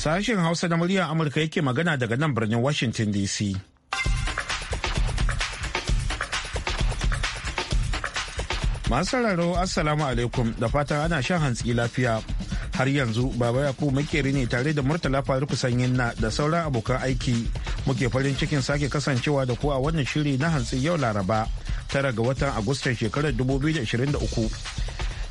Sashen Hausa na muryar Amurka yake magana daga nan birnin Washington DC. Masu sauraro Assalamu alaikum da fatan ana shan hantsi lafiya. Har yanzu Baba Yakubu makeri ne tare da Murtala faru kusan na da sauran abokan aiki. Muke farin cikin sake kasancewa da ku a wannan shiri na hantsi yau Laraba. tara ga watan Agustan shekarar 2023.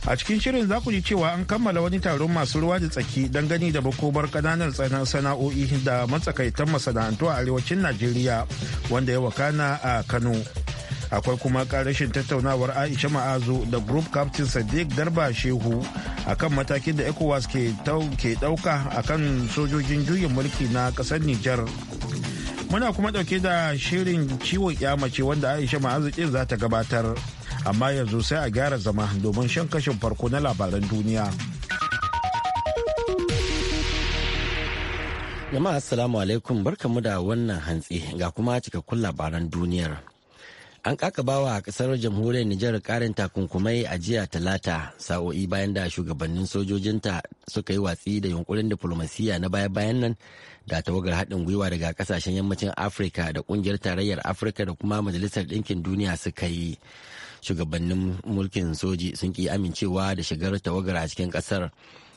a cikin shirin za ku ji cewa an kammala wani taron masu ruwa da tsaki don gani da makobar kananan sana'o'i da matsakaitan masana'antu a arewacin najeriya wanda ya wakana a kano akwai kuma karashin tattaunawar aisha ma'azu da group captain sadiq darba shehu akan matakin da ecowas ke dauka kan sojojin juyin mulki na kasar nijar muna kuma dauke da shirin ciwon kyamace wanda aisha ma'azu za ta gabatar amma yanzu sai a gyara zama domin shan kashin farko na labaran duniya. Jama'a Assalamu alaikum barkamu da wannan hantsi ga kuma cikakkun labaran duniyar. An kakabawa a kasar jamhuriyar Nijar karin takunkumai a jiya talata sa'o'i bayan da shugabannin sojojinta suka yi watsi da yunkurin diflomasiyya na baya-bayan nan da tawagar haɗin gwiwa daga kasashen yammacin Afirka da kungiyar tarayyar Afirka da kuma majalisar ɗinkin duniya suka yi. shugabannin mulkin soji sun ki amincewa da shigar tawagar a cikin kasar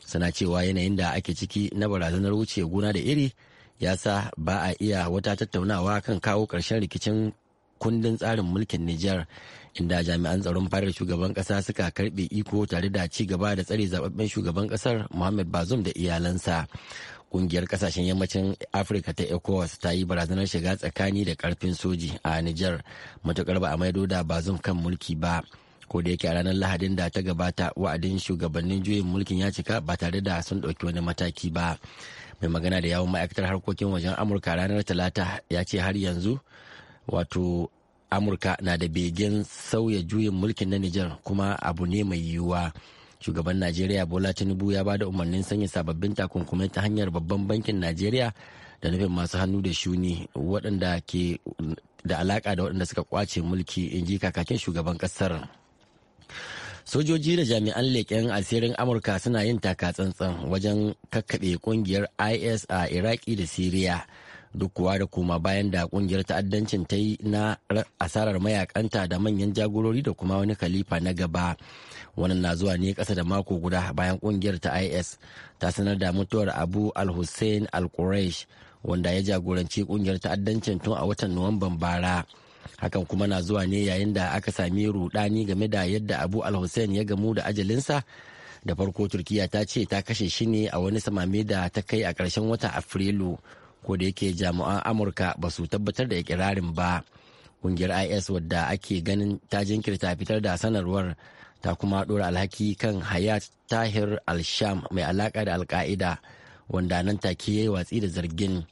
suna cewa yanayin da ake ciki na barazanar wuce gona da iri ya sa ba a iya wata tattaunawa kan kawo ƙarshen rikicin kundin tsarin mulkin Nijar inda jami'an tsaron farar shugaban kasa suka karbe iko tare da ci gaba da tsare zababben shugaban kasar Muhammad Bazoum da iyalansa. Kungiyar kasashen yammacin Afirka ta ECOWAS ta yi barazanar shiga tsakani da karfin soji a niger matukar ba a maido da Bazoum kan mulki ba. ko da yake a ranar lahadin da ta gabata wa'adin shugabannin juyin mulkin ya cika ba tare da sun ɗauki wani mataki ba mai magana da yawon ma'aikatar harkokin wajen amurka ranar talata ya ce har yanzu wato amurka na da begen sauya juyin mulkin na niger kuma abu ne mai yiwuwa shugaban najeriya bola tinubu ya ba da umarnin sanya sababbin takunkumai ta hanyar babban bankin najeriya da nufin masu hannu da shuni waɗanda ke da alaka da waɗanda suka kwace mulki in ji kakakin shugaban ƙasar sojoji da jami'an leƙen asirin amurka suna yin taka tsantsan wajen kakkaɓe ƙungiyar is a iraki da siriya duk kuwa da koma bayan da kungiyar ta'addancin ta yi na asarar mayakanta da manyan jagorori da kuma wani khalifa na gaba wannan na zuwa ne kasa da mako guda bayan kungiyar ta is ta sanar da mutuwar abu al-hussein al-quraish wanda ya jagoranci kungiyar ta'addancin tun a watan nuwamban bara hakan kuma na zuwa ne yayin da aka sami rudani game da yadda abu al-hussein ya gamu da ajalinsa da farko turkiya ta ce ta kashe shi ne a wani samame da ta kai a ƙarshen watan afrilu ko da yake jami'an amurka ba su tabbatar da ikirarin ba kungiyar is wadda ake ganin ta jinkirta fitar da sanarwar ta kuma dora alhaki kan hayat tahir al-sham mai alaka da alka'ida wanda nan take yi watsi da zargin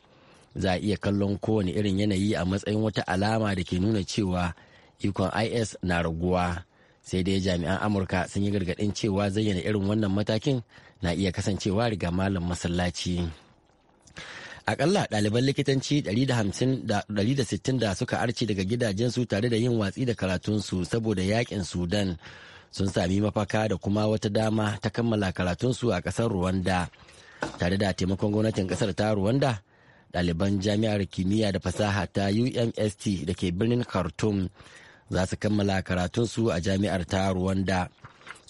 za a iya kallon kowane irin yanayi a matsayin wata alama da ke nuna cewa ikon is na raguwa sai dai jami'an amurka sun yi gargadin cewa zayyana irin wannan matakin na iya kasancewa riga malam masallaci. akalla ɗaliban likitanci 160 da suka arce daga gidajensu tare da yin watsi da karatunsu saboda yakin sudan sun sami mafaka da kuma wata dama ta kammala karatunsu a ƙasar rwanda tare da taimakon gwamnatin ƙasar ta rwanda ɗaliban jami'ar kimiyya da fasaha ta umst da ke birnin khartoum za su kammala karatunsu a jami'ar ta rwanda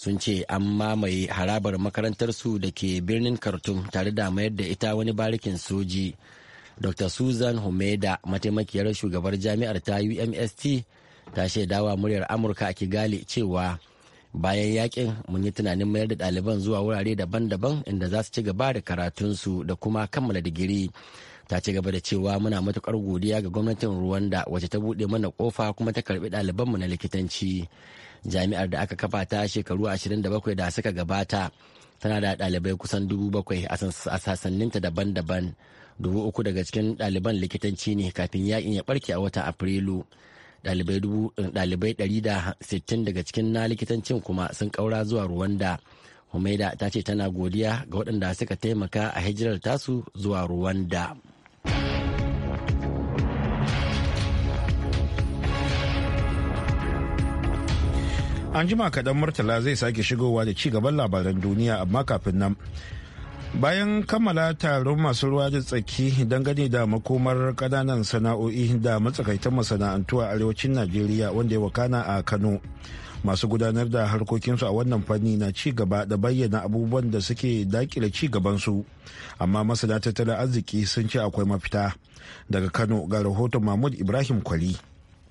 sun ce an mamaye harabar makarantarsu da ke birnin khartoum tare da mayar da ita wani barikin soji dr susan humeda mataimakiyar shugabar jami'ar ta umst ta shaidawa muryar amurka a kigali cewa bayan yakin mun yi tunanin mayar da ɗaliban zuwa wurare daban-daban inda za su ci gaba da karatunsu da kuma kammala digiri ta ci gaba da cewa muna matukar godiya ga gwamnatin ruwan da wacce ta buɗe mana kofa kuma ta karɓi ɗalibanmu na likitanci jami'ar da aka kafa ta shekaru 27 da suka gabata tana da ɗalibai kusan 7,000 a sassaninta daban-daban dubu daga cikin ɗaliban likitanci ne kafin yakin ya barke a watan afrilu ɗalibai 160 eh, daga cikin na likitancin kuma sun kaura zuwa ruwanda humaida ta ce tana godiya ga waɗanda suka taimaka a hijirar tasu zuwa ruwanda An jima kaɗan Murtala zai sake shigowa da ci gaban labaran duniya amma kafin nan. Bayan kammala taron masu ruwa da tsaki dangane da makomar ƙananan sana'o'i da matsakaitan masana'antu a arewacin Najeriya wanda ya wakana a Kano. Masu gudanar da harkokinsu a wannan fanni na ci gaba da bayyana abubuwan da suke dakile ci gabansu. Amma masana tattalin arziki sun ce akwai mafita. Daga Kano ga rahoton Mahmud Ibrahim Kwali.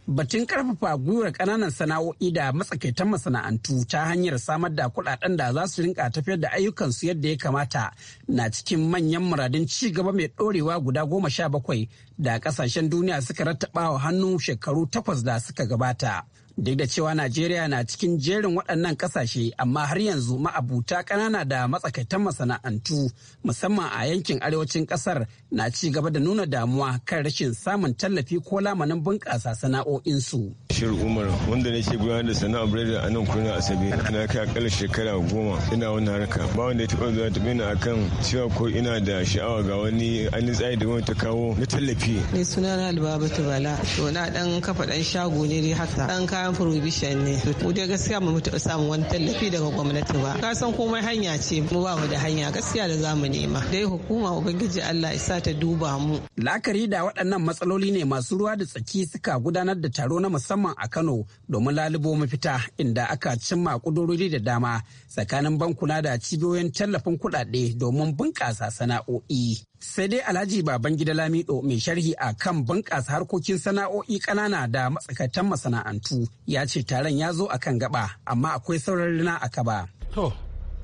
batun karfafa gwiwar kananan sana'o'i da matsakaitan masana'antu ta hanyar samar da kudaden da za su rinka tafiyar da ayyukansu yadda ya kamata na cikin manyan muradin ci gaba mai ɗorewa guda goma sha bakwai da kasashen duniya suka rattaba wa hannu shekaru takwas da suka gabata Duk da cewa Najeriya na cikin jerin waɗannan ƙasashe amma har yanzu ma'abuta ƙanana da matsakaitan masana'antu musamman a yankin arewacin ƙasar na ci gaba da nuna damuwa kan rashin samun tallafi ko lamanin bunƙasa sana'o'insu. Shir Umar wanda nake gudanar da sana'a biredi a nan kuna Asabe na kai akalla shekara goma ina wani harka ba wanda ya taɓa zuwa ta bina akan cewa ko ina da sha'awa ga wani ainihin tsayi da wani ta kawo na tallafi. Ni sunana Albabatu Bala to na ɗan kafa ɗan shago ne dai haka ɗan kayan kayan provision ne mu dai gaskiya mu mutu samun wani tallafi daga gwamnati ba ka san komai hanya ce mu ba mu da hanya gaskiya da zamu nema dai hukuma ubangiji Allah isa ta duba mu la'akari da waɗannan matsaloli ne masu ruwa da tsaki suka gudanar da taro na musamman a Kano domin lalubo mafita inda aka cimma kudurori da dama tsakanin bankuna da cibiyoyin tallafin kuɗaɗe domin bunƙasa sana'o'i sai dai alhaji babangida lamido mai sharhi a kan bunƙasa harkokin sana'o'i ƙanana da matsakaitan masana'antu ya ce taron ya zo a kan gaba amma akwai sauran na a kaba. to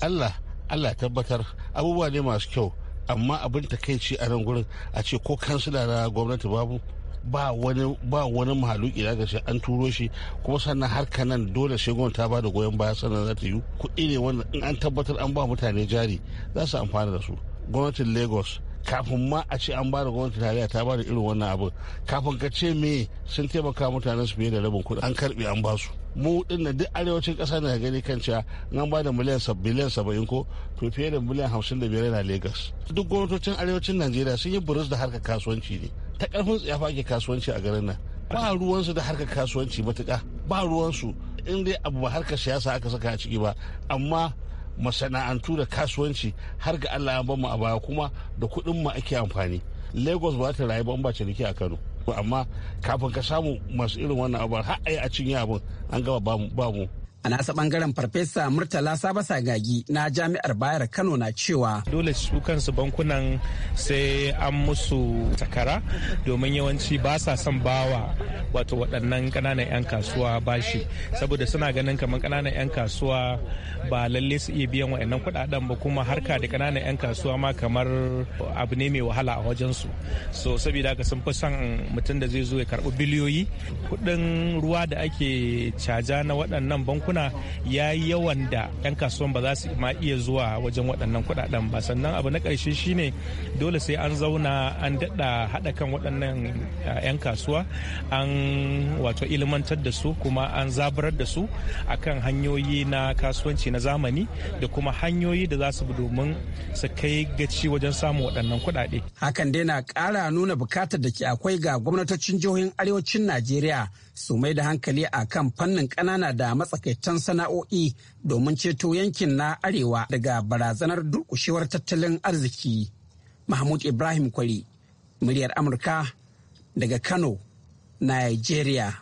allah allah tabbatar abubuwa ne masu kyau amma abin ta takaici a nan gurin a ce ko kansila na gwamnati babu ba wani ba wani mahaluki da shi an turo shi kuma sannan harka nan dole sai gwamnati ta ba goyon baya sannan za ta yi kuɗi ne wannan in an tabbatar an ba mutane jari za su amfana da su gwamnatin lagos kafin ma a ce an bada gwamnati tarayya ta bada irin wannan abin kafin ka ce me sun taimaka mutanen su fiye da rabin kuɗi an karbe an basu mu din na duk arewacin kasa na gani kan cewa an bada miliyan biliyan saba'in ko to fiye da miliyan hamsin da biyar na lagos duk gwamnatocin arewacin najeriya sun yi burus da harkar kasuwanci ne ta karfin tsayafa ake kasuwanci a garin nan ba ruwansu da harkar kasuwanci matuƙa ba ruwansu in dai abu ba harkar siyasa aka saka a ciki ba amma masana'antu da kasuwanci har ga allah ya bamu a baya kuma da kuɗin mu ake amfani lagos ba ta rayu ban ba ciniki a kano amma kafin ka samu masu irin wannan abu har a yi a cinye abin an gaba ba mu a nasa bangaren farfesa murtala sabasa gagi na jami'ar bayar kano na cewa dole su kansu bankunan sai an musu takara domin yawanci ba sa son bawa wato waɗannan ƙananan 'yan kasuwa bashi saboda suna ganin kamar ƙananan 'yan kasuwa ba lalle su iya biyan waɗannan kuɗaɗen ba kuma harka da ƙananan 'yan kasuwa ma kamar abu ne mai wahala a wajensu so saboda haka sun fi son mutum da zai zo ya karɓi biliyoyi kuɗin ruwa da ake caja na waɗannan bankunan kuna ya yi yawan da 'yan kasuwan ba za su ma iya zuwa wajen waɗannan kuɗaɗen ba sannan abu na ƙarshe shine dole sai an zauna an daɗa haɗa kan waɗannan 'yan kasuwa an wato ilmantar da su kuma an zaburar da su akan hanyoyi na kasuwanci na zamani da kuma hanyoyi da za su bi domin su kai gaci wajen samun waɗannan kuɗaɗe. Hakan dai na ƙara nuna bukatar da ke akwai ga gwamnatocin jihohin arewacin Najeriya su mai da hankali a kan fannin ƙanana da matsakaitan sana'o'i domin ceto yankin na arewa daga barazanar durƙushewar tattalin arziki. Mahmud Ibrahim Kwari, muryar Amurka daga Kano, Nigeria.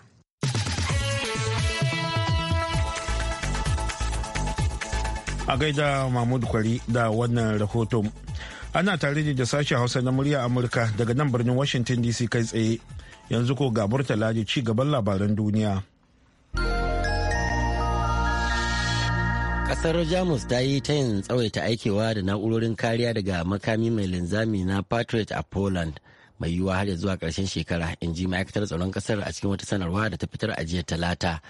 A gaida Mahmud Kwari da wannan rahoton. Ana tare da sashen Hausa na murya Amurka daga nan birnin Washington DC kai tsaye. yanzu ko ga murtala ji ci gaban labaran duniya kasar jamus ta yi ta yin tsawaita aikewa da na'urorin kariya daga makami mai linzami na patriot a poland mai yiwuwa har zuwa karshen shekara in ji ma'aikatar tsaron kasar a cikin wata sanarwa da ta fitar a jiya talata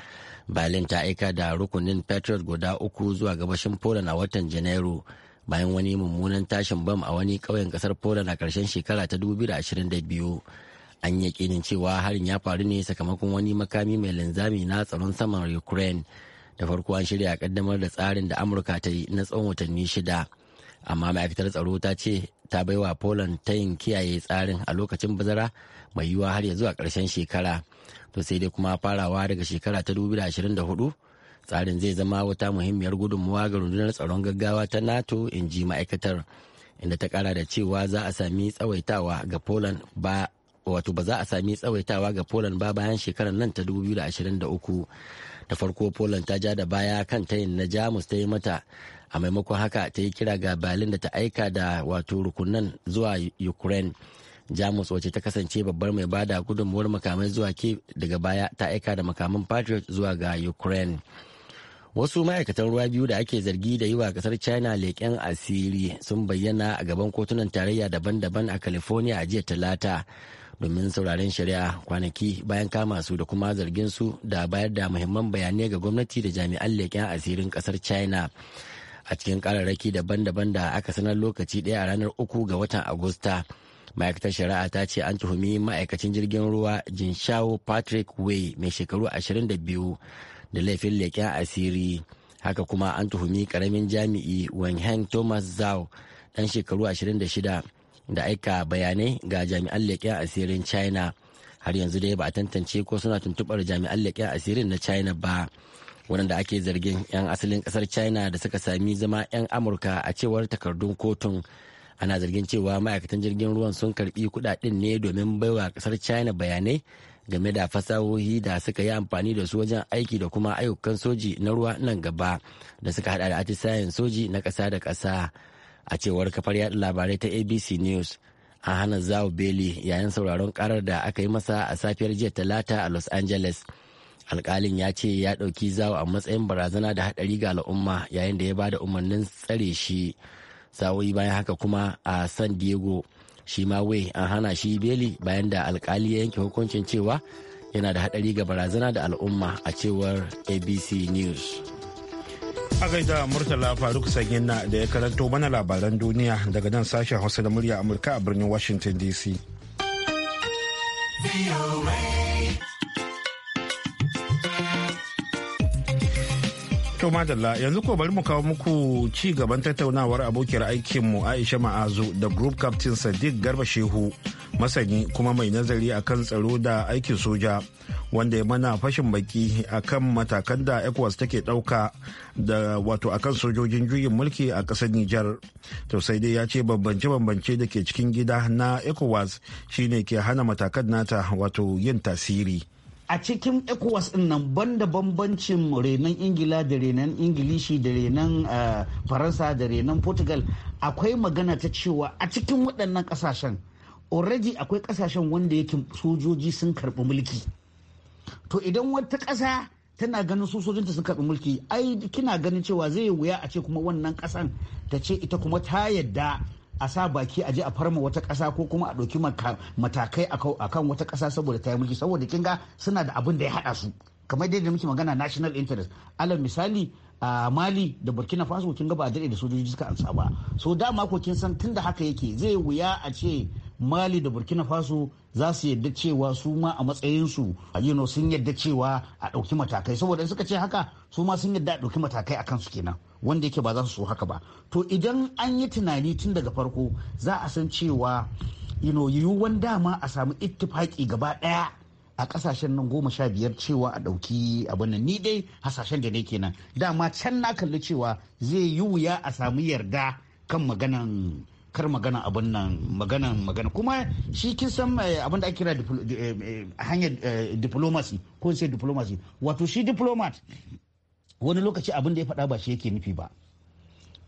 berlin ta aika da rukunin patriot guda uku zuwa gabashin poland a watan janairu bayan wani mummunan tashin bam a wani kauyen kasar poland a karshen shekara ta 2022 an yi yakinin cewa harin ya faru ne sakamakon wani makami mai linzami na tsaron saman ukraine da farko an shirya kaddamar da tsarin da amurka ta yi na tsawon watanni shida amma ma'aikatar tsaro ta ce ta baiwa poland ta yin kiyaye tsarin a lokacin bazara mai yiwuwa har ya zuwa karshen shekara to sai dai kuma farawa daga shekara ta 2024 tsarin zai zama wata muhimmiyar gudunmuwa ga rundunar tsaron gaggawa ta nato in ji ma'aikatar inda ta kara da cewa za a sami tsawaitawa ga poland ba wato ba za a sami tsawaitawa ga poland ba bayan shekarar nan ta 2023 da farko poland ta ja da baya kan tayin na jamus ta yi mata a maimakon haka ta yi kira ga berlin da ta aika da wato rukunan zuwa ukraine jamus wace ta kasance babbar mai bada gudunmuwar makamai zuwa ke daga baya ta aika da makaman patriot zuwa ga ukraine wasu ma'aikatan ruwa biyu da ake zargi da yi wa kasar china leƙen asiri sun bayyana a gaban kotunan tarayya daban-daban a california a jiya talata domin sauraren shari'a kwanaki bayan kama su da kuma zargin su da bayar da muhimman bayanai ga gwamnati da jami'an leƙen asirin kasar china a cikin kararraki daban-daban da aka sanar lokaci ɗaya a ranar uku ga watan agusta ma'aikatar shari'a ta ce an tuhumi ma'aikacin jirgin ruwa jinshao patrick way mai shekaru 22 da laifin leƙen asiri haka kuma an tuhumi karamin jami'i wanheng thomas zhao dan shekaru 26 da aika bayanai ga jami'an leƙen asirin china har yanzu dai ba a tantance ko suna tuntubar jami'an leƙen asirin na china ba wadanda ake zargin 'yan asalin ƙasar china da suka sami zama 'yan amurka a cewar takardun kotun ana zargin cewa ma'aikatan jirgin ruwan sun karbi kudaden ne domin baiwa kasar china bayanai game da fasahohi da suka yi amfani da su wajen aiki da kuma ayyukan soji na ruwa nan gaba da suka hada da atisayen soji na kasa da kasa a cewar kafar yada labarai ta abc news a hana zao beli yayin sauraron karar da aka yi masa a safiyar jiya talata a los angeles alkalin ya ce ya ɗauki zao a matsayin barazana da haɗari ga al'umma yayin da ya ba da umarnin tsare shi sa'o'i bayan haka kuma a san diego shi ma wai an hana shi beli bayan da alkali ya yanke hukuncin cewa yana da hadari ga barazana da al'umma a cewar abc news a gaida murtala faruk sanyin na da ya karanto mana labaran duniya daga nan sashen hausa da murya amurka a birnin washington dc To madalla yanzu ko bari mu kawo muku ci gaban tattaunawar abokiyar aikinmu Aisha Ma'azu da Group Captain Sadiq Garba Shehu masani kuma mai nazari akan tsaro da aikin soja wanda ya mana fashin baki akan matakan da ECOWAS take dauka da wato akan sojojin juyin mulki a ƙasar Nijar. To sai dai ya ce bambance-bambance da ke cikin gida na ECOWAS shine ke hana matakan nata wato yin tasiri. a cikin ecowas din nan banda bambancin renon ingila da renon ingilishi da renon eh, faransa da renon portugal akwai magana ta cewa a cikin waɗannan ƙasashen already akwai ƙasashen wanda yake sojoji sun karɓi mulki to idan wata ƙasa tana ganin su sojojinta sun karɓi mulki ai kina ganin cewa zai wuya a ce kuma wannan ƙasan ta ce ita kuma ta yadda a sa baki a je a farma wata kasa ko kuma a ɗauki matakai a kan wata kasa saboda ta yi mulki saboda kinga suna da abin da ya haɗa su kamar dai da muke magana national interest alal misali a mali da burkina faso kin ga ba daɗe da sojoji suka ansa ba so dama ko kin san tunda haka yake zai wuya a ce mali da burkina faso za su yadda cewa su ma a matsayinsu a sun yadda cewa a ɗauki matakai saboda suka ce haka su ma sun yadda a ɗauki matakai a kansu kenan wanda yake ba za su so haka ba to idan an yi tunani tun daga farko za a san cewa yiwuwan dama a samu ittifaki gaba daya a kasashen nan goma sha biyar cewa a ɗauki abin nan ni dai hasashen da ne kenan dama can na kalli cewa zai yi wuya a samu yarda kan maganan kar magana abin nan magana magana kuma shi kin san eh, abin da ake kira eh, eh, hanyar diplomacy ko sai diplomacy wato shi diplomat wani lokaci abin da ya faɗa ba shi yake nufi ba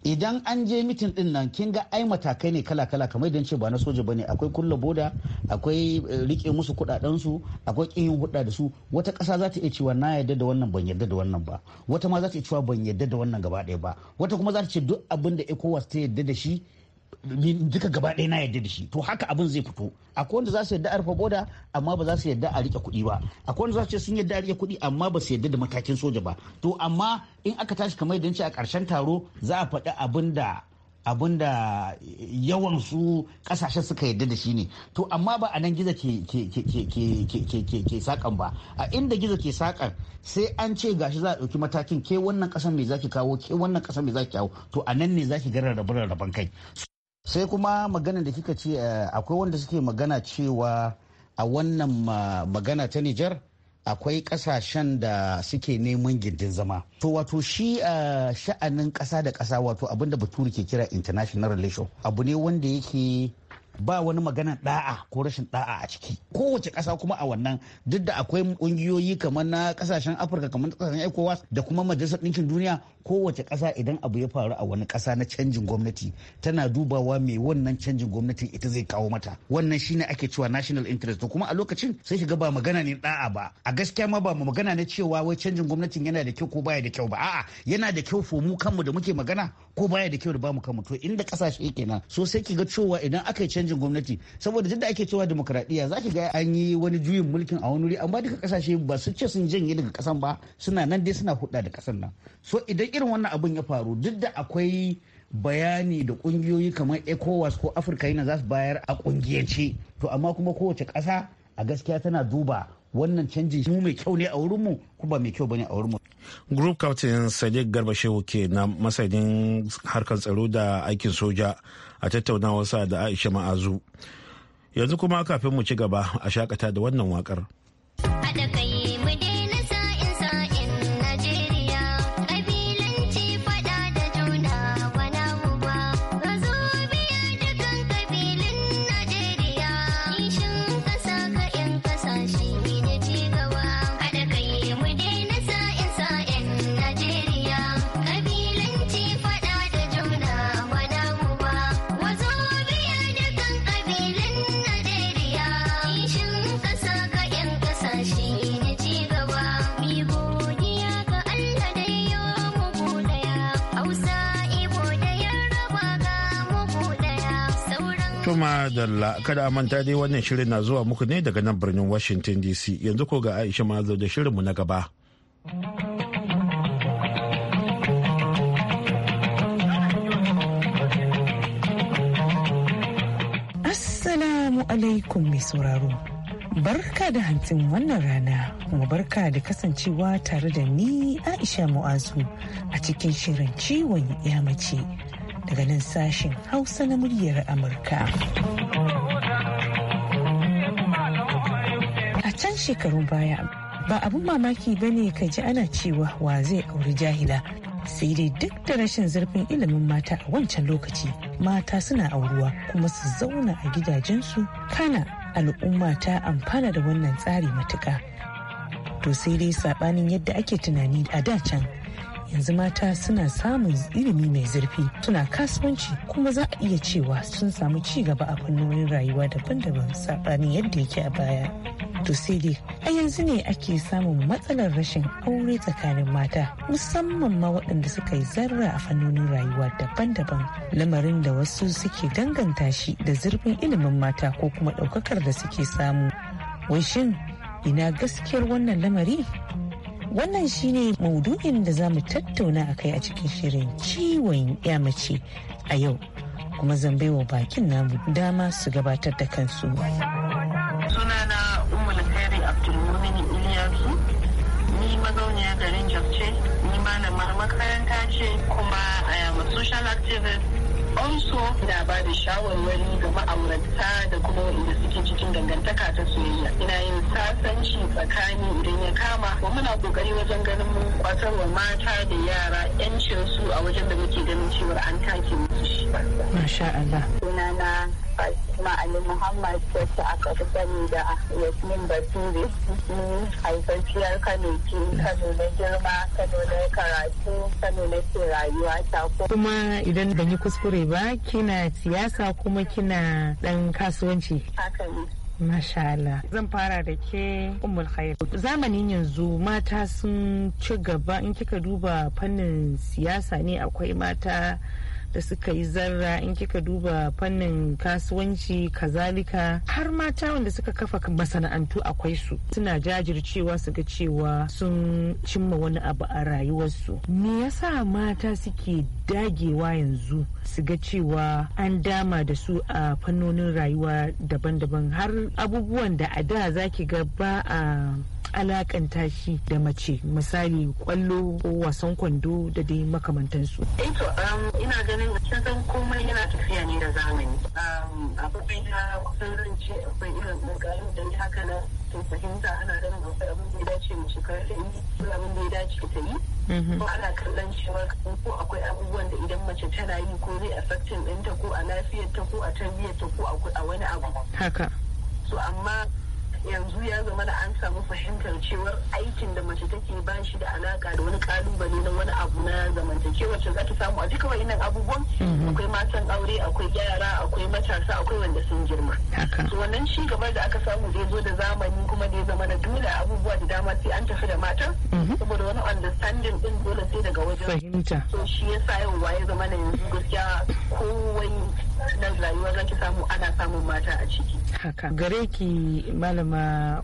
idan an je mitin din nan kin ga ai matakai ne kala-kala kamar idan ce ba na soja bane akwai kulla boda akwai eh, rike musu kudaden su akwai kin yin hudda da su wata kasa za ta iya cewa na yarda da wannan ban yarda da wannan ba wata ma za ta iya cewa ban yarda da wannan gaba ɗaya ba wata kuma za ta ce duk abin da ECOWAS ta yarda da shi duka gaba ɗaya na yadda da shi to haka abin zai fito akwai wanda za su yadda a rufe boda amma ba za su yadda a rike kuɗi ba akwai wanda za su ce sun yadda a rike kuɗi amma ba su yadda da matakin soja ba to amma in aka tashi kamar yadda a ƙarshen taro za a faɗi abin da abin da yawan su kasashen suka yadda da shi ne to amma ba a nan gizo ke sakan ba a inda gizo ke sakan sai an ce gashi za a ɗauki matakin ke wannan ƙasar me zaki kawo ke wannan ƙasar me zaki kawo to a nan ne zaki gara rabe-raben kai sai kuma magana da kika ce eh, akwai wanda suke magana cewa a wannan magana ta nijar akwai kasashen da suke neman gindin zama to wato shi a eh, sha'anin kasa da ƙasa wato abinda bature ke kira international relation abu ne wanda yake ba wani magana da'a ko rashin da'a a ciki kowace ƙasa kuma a wannan duk da akwai ƙungiyoyi kamar na ƙasashen afirka kamar ƙasashen ecowas da kuma majalisar ɗinkin duniya kowace ƙasa idan abu ya faru a wani ƙasa na canjin gwamnati tana dubawa me wannan canjin gwamnati ita zai kawo mata wannan shine ake cewa national interest kuma a lokacin sai shiga ba magana ne da'a ba a gaskiya ma ba magana na cewa wai canjin gwamnatin yana da kyau ko baya da kyau ba a'a yana da kyau fo mu kanmu da muke magana ko baya da kyau da bamu kanmu to inda ƙasashe kenan so sai ki ga cewa idan aka yi canjin gwamnati saboda duk da ake cewa demokradiyya za ki ga an yi wani juyin mulkin a wani wuri amma duka kasashe ba su ce sun janye daga kasan ba suna nan dai suna hudda da kasan nan so idan irin wannan abun ya faru duk da akwai bayani da kungiyoyi kamar ecowas ko afirka yana za su bayar a kungiyance to amma kuma kowace kasa a gaskiya tana duba wannan canjin mu mai kyau ne a wurinmu ko ba mai kyau bane a wurinmu. Group Captain Sadiq Garba Shehu ke na masanin harkar tsaro da aikin soja a tattaunawar sa da Aisha Ma'azu. Yanzu kuma kafin mu ci gaba a shakata da wannan wakar. Tuma la kada a manta dai wannan shirin na zuwa muku ne daga nan birnin Washington DC yanzu ko ga Aisha Mazo da shirinmu na gaba. Assalamu alaikum mai sauraro. Barka da hantsin wannan rana kuma barka da kasancewa tare da ni Aisha Mu'azu a cikin shirin ciwon mace daga nan sashen Hausa na muryar Amurka. A can shekarun baya, ba abun mamaki ba ne ka ji ana cewa wa zai auri jahila. Sai dai duk da rashin zarfin ilimin mata a wancan lokaci, mata suna auruwa kuma su zauna a gidajensu kana al'umma ta amfana da wannan tsari matuka. To sai dai sabanin yadda ake tunani a da can yanzu mata suna samun ilimi mai zurfi suna kasuwanci kuma za a iya cewa sun samu ci gaba a fannonin rayuwa daban-daban saɓanin yadda yake a baya to sai dai a yanzu ne ake samun matsalar rashin aure tsakanin mata musamman ma waɗanda suka yi zarra a fannonin rayuwa daban-daban lamarin da wasu suke danganta shi da zurfin ilimin mata ko kuma ɗaukakar da suke samu wai shin ina gaskiyar wannan lamari Wannan shine maudu'in da za mu tattauna a kai a cikin shirin ciwon ya mace a yau. Kuma zan baiwa bakin namu dama su gabatar da kansu. Sunana Umar Khairi Abdulmumin Iliyasu, ni mazauniya garin Jafce, ni malamar makaranta ce kuma I am a social activist also ina ba da shawarwari ga ma'aurata da kuma wanda suke cikin dangantaka ta soyayya ina yin sasanci tsakani idan ya kama ko muna kokari wajen ganin mun kwatar wa mata da yara yancin su a wajen da muke ganin cewa an take musu shi masha Allah sunana Fatima Ali Muhammad ta aka fi sani da Yasmin Bature haifafiyar Kano ke Kano na girma Kano na karatu Kano na ke rayuwa ta kuma idan ban yi kuskure ba kina siyasa kuma kina dan kasuwanci haka ne Masha Allah. Zan fara da ke umul Khair. Zamanin yanzu mata sun ci gaba in kika duba fannin siyasa ne akwai mata da suka yi zarra in kika duba fannin kasuwanci kazalika har mata wanda suka kafa masana'antu akwai su suna jajircewa su ga cewa sun cimma wani abu a rayuwarsu me yasa mata suke dagewa yanzu su ga cewa an dama da su a fannonin rayuwa daban-daban har abubuwan da a da zaki ga ba a alakanta shi da mace misali kwallo ko wasan kwando da dai makamantansu. Eh to um, ina ganin kin san komai yana tafiya ne da zamani. Um, abubuwan ya kusan zan ce akwai irin ƙoƙarin da ya haka na to fahimta ana ganin akwai abin da ya dace mu shekara ta yi abin da ya dace ta yi. Mm-hmm. Ko ana kallon cewa ko akwai abubuwan da idan mace tana yi ko zai affecting ɗinta ko a lafiyarta ko a tarbiyyarta ko a wani abu. Haka. So amma yanzu ya zama da an samu fahimtar cewar aikin da mace take ba shi da alaka da wani kalubale na wani abu na zamantakewa za ta samu a duka wayannan abubuwan mhm. akwai matan aure akwai gyara akwai matasa akwai wanda sun girma so wannan shi gaba da aka samu zai zo da zamani kuma zai zama da dole abubuwa da dama sai an tafi da matan mhm. saboda wani understanding din dole sai daga wajen fahimta so shi yasa yau ya zama na yanzu gaskiya rayuwa zaki samu ana samun mata a ciki haka gare ki malama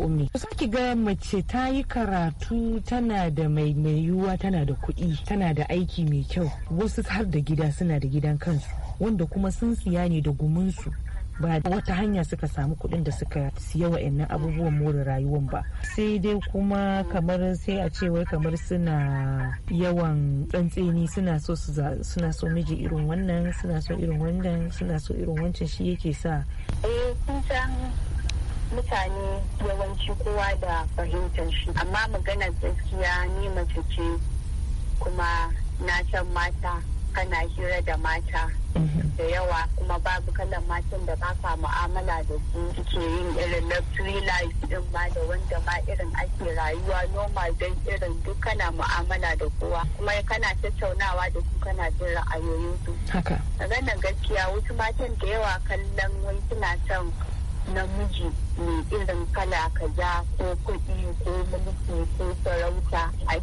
umi kusa ki ga mace ta yi karatu tana da mai yiwuwa tana da kuɗi tana da aiki mai kyau wasu har da gida suna da gidan kansu wanda kuma sun siya ne da gumunsu ba wata hanya suka samu kuɗin da suka siya wa'annan abubuwan more rayuwan ba sai dai kuma kamar sai a ce wai kamar suna yawan tsantseni suna so suna so miji irin wannan suna so irin wannan suna so irin wancan shi yake sa eh mutane yawanci kowa da fahimtar shi amma maganar gaskiya ni mace ce kuma na can mata kana hira da mata mhm. da yawa kuma babu kalan matan da ba ka mu'amala da su ke yin irin free life din ma da wanda ma irin ake rayuwa normal don irin duk kana mu'amala da kowa kuma kana tattaunawa da su kana jin ra'ayoyin su haka nan gaskiya wasu matan da yawa kallon wai suna son namiji mai irin kala kaza ko kuɗi ko mulki ko sarauta a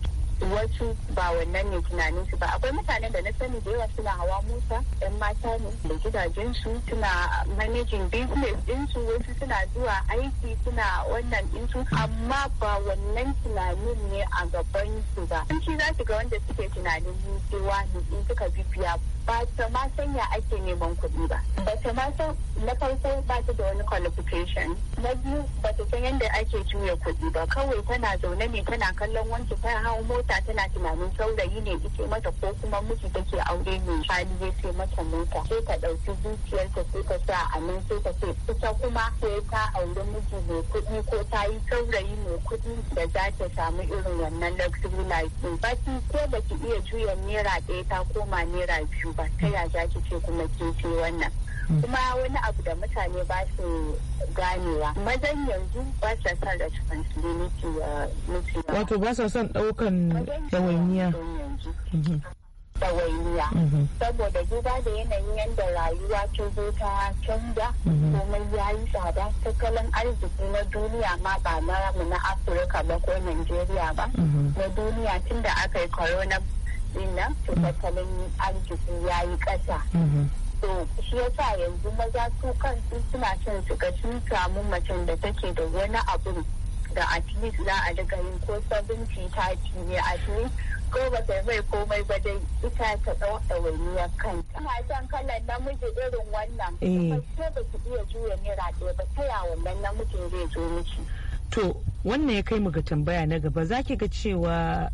wasu ba wannan ne tunanin su ba akwai mutanen da na sani da yawa suna hawa mota yan mata ne da gidajen su suna managing business din su wasu suna zuwa aiki suna wannan din su amma ba wannan tunanin ne a gaban su ba shi za su ga wanda suke tunanin cewa in suka bibiya ba ta ma sanya ake neman kuɗi ba ba ta ma san na farko ba ta da wani qualification na biyu ba ta san yadda ake juya kuɗi ba kawai tana zaune ne tana kallon wanke ta hau mota mota tana tunanin saurayi ne ita mata ko kuma miji take aure ne hali zai ce mata mota sai ta ɗauki zuciyarta sai ta sa a nan sai ta ce ita kuma sai ta aure miji mai kuɗi ko ta yi saurayi mai kuɗi da za ta samu irin wannan luxury life ba baki ko baki iya juya naira ɗaya ta koma naira biyu ba ta ya za ki ce kuma ke ce wannan kuma wani abu da mutane ba su ganewa mazan yanzu ba sa son responsibility uh, wa wato ba sa son daukan dawainiya dawainiya mhm. mhm. saboda duba da yanayin yadda rayuwa ta zo ta canza mhm. komai ya yi tsada tattalin arziki na duniya ma ba na mu na afirka ba ko nigeria ba na duniya tunda aka yi corona din tattalin arziki ya yi ƙasa so shi yasa yanzu maza su kansu suna cin su ga sun samu macen da take da wani abun da at least za a daga yin ko cita ci ne a least ko ba ta mai komai ba dai ita ta ɗau kanta. Ina son kallon namiji irin wannan. Eh. Ko ba su iya juya naira ɗaya ba ta ya wannan namijin zai zo miki. To wannan ya kai mu ga tambaya na gaba za ki ga cewa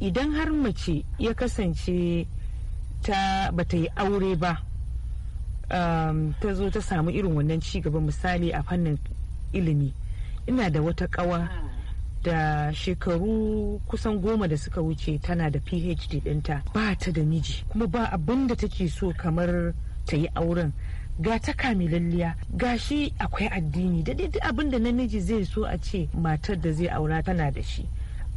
idan har mace ya kasance ta bata yi aure ba Um, ta zo ta samu irin wannan ci gaba misali a fannin ilimi ina da wata kawa da shekaru kusan goma da suka wuce tana da phd dinta. ba ta da miji kuma ba abin da take so kamar ta yi auren ga ta kamilalliya ga shi akwai addini da daidai abin da namiji zai so a ce matar da zai aura tana da shi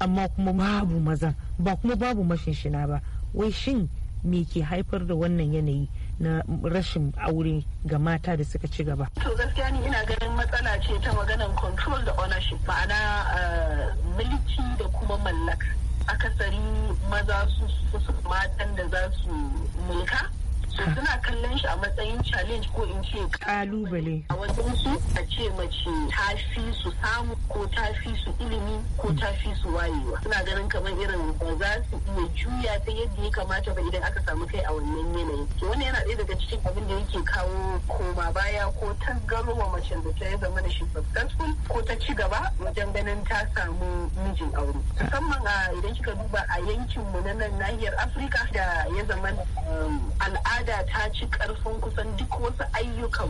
amma kuma babu mazan ba kuma babu mashinshina ba wai shin me ke haifar da wannan yanayi na rashin aure ga mata da suka ci gaba. To gaskiya ni ina ganin matsala ce ta maganar control da ownership ma'ana eh, mulki da kuma mallaka. Akasari maza su matan da za su mulka shi a matsayin challenge ko in ce kalubale a wasu a ce mace ta fi su samu ko ta fi su ilimi ko ta fi su wayewa suna ganin kamar irin ba za su iya juya ta yadda ya kamata ba idan aka samu kai a wannan yanayin to wannan yana ɗaya daga cikin abin da yake kawo koma baya ko gano wa mace da ta zama da shi successful ko ta ci gaba wajen ganin ta samu mijin aure musamman a idan kika duba a yankin mu na nan nahiyar Afirka da ya zama um, al'ada ta ci sun kusan duk wasu ayyukan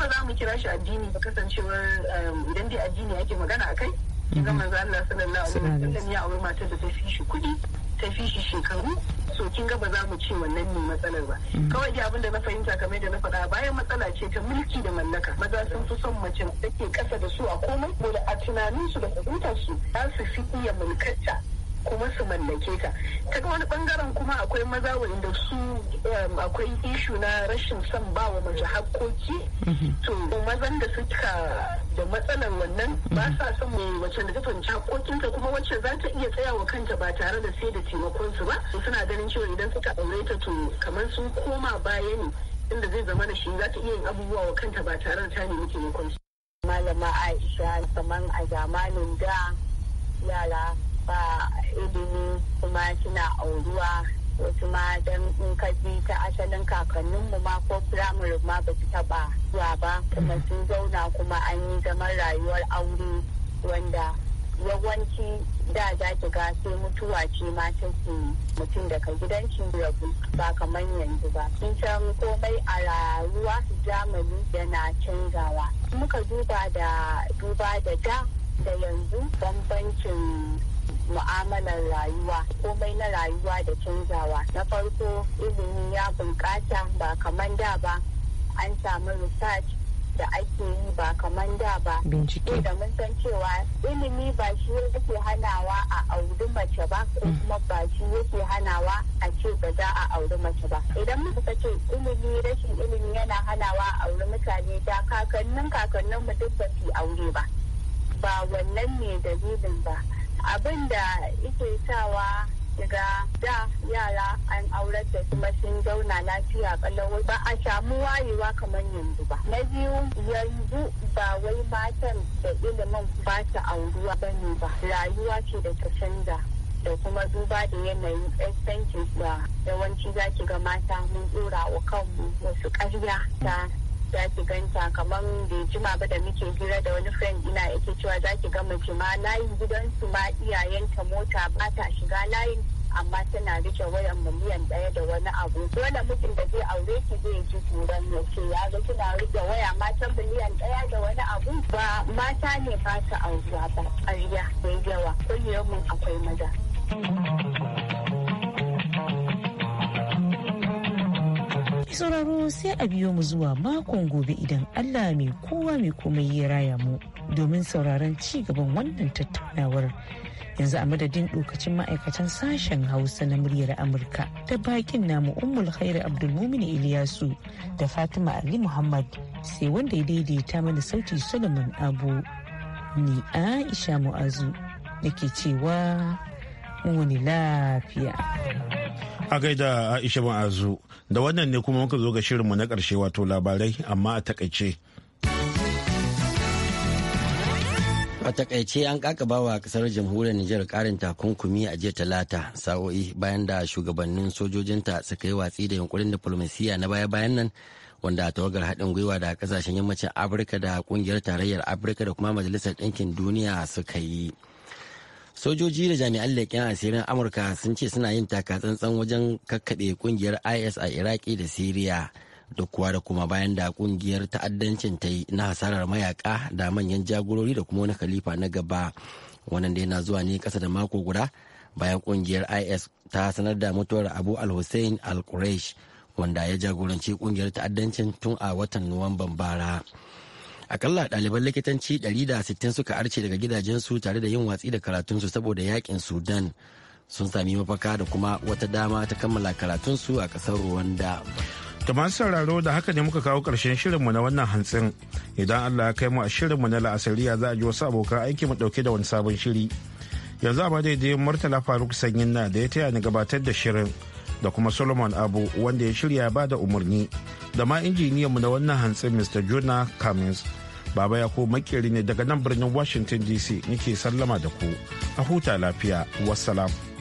ba za mu kira shi addini ba kasancewar um, idan dai addini ake magana a kai ga mhm. manzo Allah sallallahu alaihi wasallam ya aure matar da ta fi shi kuɗi ta fi shi shekaru so kin ga ba za mu ce wannan ne matsalar ba mhm. kawai abin da na fahimta kamar da na faɗa bayan matsala ce ta mulki da mallaka maza sun fi son mace da ke ƙasa da su a komai ko da a tunanin su da fahimtar su za su fi iya mulkarta kuma su mallake ka ta wani bangaren kuma akwai maza wanda su um, akwai ishu na rashin son ba wa mace hakkoki mhm. to mazan da suka da matsalar wannan ba mhm. sa son mai wacce da ta fanci hakkokinta kuma wacce za ta iya tsaya wa kanta ba tare da sai da taimakon su ba suna ganin cewa idan suka aure ta to kamar sun koma baya ne inda zai zama da shi za ta iya yin abubuwa wa kanta ba tare da ta nemi taimakon su malama aisha saman a zamanin da yara ba ilimi kuma suna auruwa wasu ma don in ka ji ta asalin kakanninmu ma ko firamare ma ba su taɓa zuwa ba kuma sun zauna kuma an yi zaman rayuwar aure wanda yawanci da za ki ga sai mutuwa ce ma ke mutum daga gidan rabu ba kamar yanzu ba sun san komai a rayuwa zamani yana canzawa muka duba da duba da da da yanzu bambancin mu'amalar rayuwa komai na rayuwa da canzawa na farko izini ya bunƙasa ba kamar da ba an samu research da ake yi ba kamar da ba bincike da mun san cewa ilimi ba shi yake hanawa a auri mace ba ko mm. kuma ba shi yake hanawa a ce ba za a auri mace ba idan muka ce ilimi rashin ilimi yana hanawa a auri mutane da kakannin kakannin mu duk ba su aure ba ba wannan ne dalilin ba abin da yake sawa daga da yara an aurar da kuma sun zauna lafiya kalau ba a samu wayewa kamar yanzu ba na biyu yanzu ba wai matan da ilimin ba ta auruwa ba ne ba rayuwa ce da ta canza da kuma duba da yanayin expenses da yawanci za ki ga mata mun dora wa kanmu wasu karya ta za ki ganta kamar bai jima ba da muke hira da wani friend ina yake cewa za ki ga mace ma layin su ma iyayenta mota ba ta shiga layin amma tana rike wayan miliyan ɗaya da wani abu dole mutum da zai aure ki zai ji turan ya ce ya ga kina rike waya matan miliyan ɗaya da wani abu ba mata ne ba ta aure ba ƙarya da yawa kullum akwai maza. sauraro sai a biyo mu zuwa makon gobe idan Allah mai kowa mai komai ya raya mu domin sauraron ci gaban wannan tattaunawar. yanzu a madadin dokacin ma'aikatan sashen hausa na muryar amurka da bakin namu ummul khairu abdulmumin iliyasu da fatima ali muhammad sai wanda ya daidaita mana sauti solomon abu ni aisha mu'azu da cewa wani lafiya a gaida aisha mu'azu da wannan ne kuma muka zo ga shirinmu na karshe wato labarai amma a takaice. a takaice an wa kasar jamhuriyar Nijar karin takunkumi a jiya talata sa'o'i bayan da shugabannin sojojinta suka yi watsi da yunkurin diplomasiya na baya-bayan nan wanda tawagar haɗin gwiwa da kasashen yammacin afirka da kungiyar tarayyar afirka da kuma majalisar ɗinkin duniya suka yi. sojoji da jami'an leƙen asirin amurka sun ce suna yin takatsantsan wajen kakkaɓe kungiyar is a iraki da siriya da kuwa da kuma bayan da kungiyar ta'addancin ta yi na hasarar mayaka da manyan jagorori da kuma wani khalifa na gaba wannan da yana zuwa ne kasa da mako guda bayan kungiyar is ta sanar da mutuwar abu al-hussein al-quraish wanda ya jagoranci kungiyar ta'addancin tun a watan nuwamban bara. akalla ɗaliban likitanci 160 suka arce daga gidajensu tare da yin watsi da karatunsu saboda yakin sudan sun sami mafaka da kuma wata dama ta kammala karatunsu a ƙasar rwanda ta masu sauraro da haka ne muka kawo ƙarshen shirinmu na wannan hantsin idan allah ya kai mu a shirinmu na la'asariya za a ji wasu abokan aiki mu ɗauke da wani sabon shiri yanzu a madaidai murtala faruk sanyin na da ya taya ni gabatar da shirin da kuma solomon abu wanda ya shirya ba da umarni da ma injiniyanmu na wannan hantsin mr juna cummins Baba ya ko makeri ne daga nan birnin Washington DC nake sallama da ku. A huta lafiya. Wassalam.